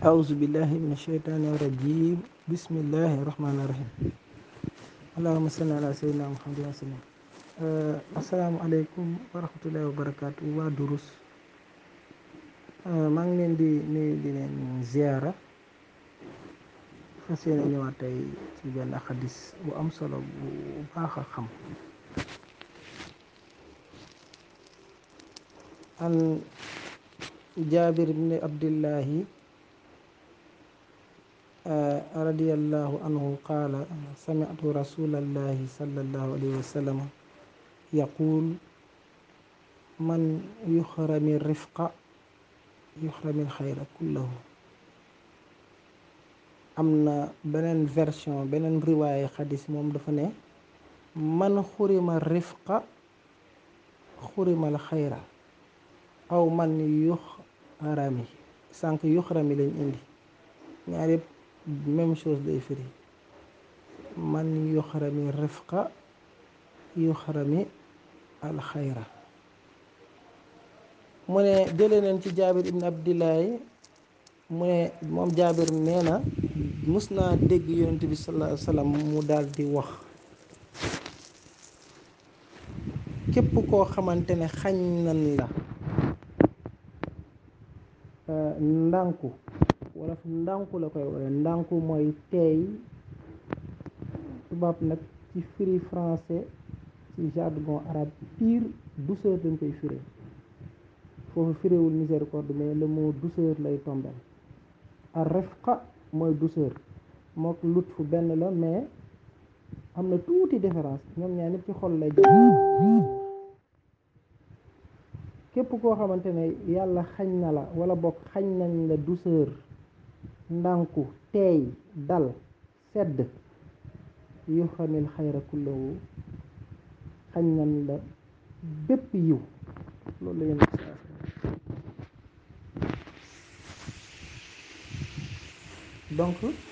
أعوذ بالله من الشيطان الرجيم بسم الله الرحمن الرحيم اللهم صل على سيدنا محمد وسلم asalaamaaleykum wa rahmatullahi wa barakaatu waa durus uh, maa ngi leen di nuyu di leen ziara fas yéene ñëwaat tey ci benn xadis bu am solo bu baax a xam an jaabir ibni abdillahi radiyallahu anhu qaala sami'tu rasulallahi sallallahu alayhi wa sallam yaqul man yuxrami rifqa yuxrami alxayra kullahu am na beneen version beneen riwaaye xadis moom dafa ne man xurima rifqa xurima alxayra aw man yuxrami sànq yuxrami lañ indi ñaar yëpp même chose day firi man yuxrami rifqa yuxrami alxayra mu ne jëlee neen ci jaabir ibn abdillahi mu ne moom jaabir nee na mus naa dégg yonent bi sallallahu alayhi mu daal di wax képp koo xamante ne xañ nan la euh, ndànku wolof ndànku la koy woowe ndànku mooy teey tubaab nag ci firi français ci jargon arabe pure douceur dañ koy firi foofu firiwul miséricorde mais le mot douceur lay tombel ar mooy douceur mook lutf benn la mais am na tuuti différence ñoom ñaar ñëpp ci xol lay jëm képp koo xamante ne yàlla xañ na la wala bokk xañ nañ la douceur ndànku teey dal sedd yuxanil xayra kullahu xañ nan la bépp yiw loolu la yéen donc